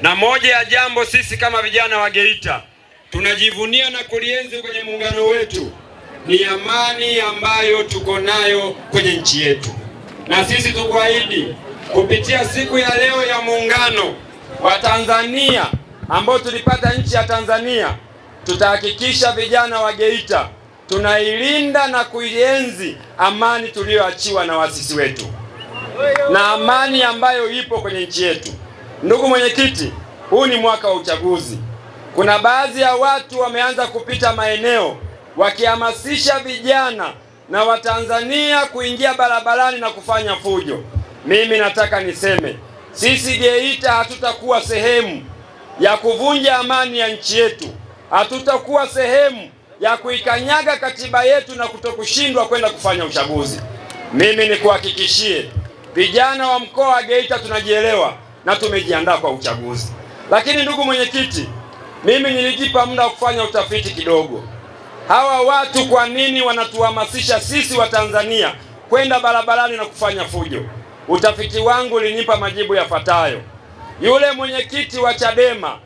Na moja ya jambo sisi kama vijana wa Geita tunajivunia na kulienzi kwenye muungano wetu ni amani ambayo tuko nayo kwenye nchi yetu, na sisi tukuahidi kupitia siku ya leo ya muungano wa Tanzania ambao tulipata nchi ya Tanzania, tutahakikisha vijana wa Geita tunailinda na kuienzi amani tuliyoachiwa na wasisi wetu na amani ambayo ipo kwenye nchi yetu. Ndugu mwenyekiti, huu ni mwaka wa uchaguzi. Kuna baadhi ya watu wameanza kupita maeneo wakihamasisha vijana na Watanzania kuingia barabarani na kufanya fujo. Mimi nataka niseme sisi Geita hatutakuwa sehemu ya kuvunja amani ya nchi yetu, hatutakuwa sehemu ya kuikanyaga katiba yetu na kutokushindwa kwenda kufanya uchaguzi. Mimi nikuhakikishie vijana wa mkoa wa Geita tunajielewa na tumejiandaa kwa uchaguzi. Lakini ndugu mwenyekiti, mimi nilijipa muda wa kufanya utafiti kidogo. Hawa watu kwa nini wanatuhamasisha sisi Watanzania kwenda barabarani na kufanya fujo? Utafiti wangu ulinipa majibu yafuatayo. Yule mwenyekiti wa Chadema,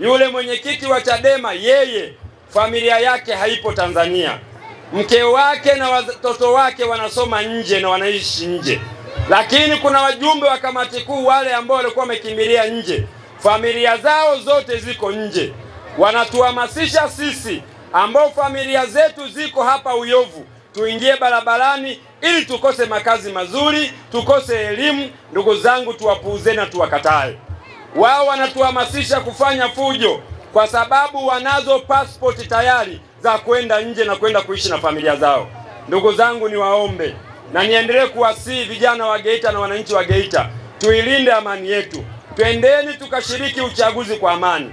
yule mwenyekiti wa Chadema, yeye familia yake haipo Tanzania, mke wake na watoto wake wanasoma nje na wanaishi nje lakini kuna wajumbe wa kamati kuu wale ambao walikuwa wamekimbilia nje, familia zao zote ziko nje. Wanatuhamasisha sisi ambao familia zetu ziko hapa Uyovu tuingie barabarani ili tukose makazi mazuri, tukose elimu. Ndugu zangu, tuwapuuze na tuwakatae. Wao wanatuhamasisha kufanya fujo kwa sababu wanazo pasipoti tayari za kwenda nje na kwenda kuishi na familia zao. Ndugu zangu, niwaombe na niendelee kuwasihi vijana wa Geita na wananchi wa Geita, tuilinde amani yetu, twendeni tukashiriki uchaguzi kwa amani.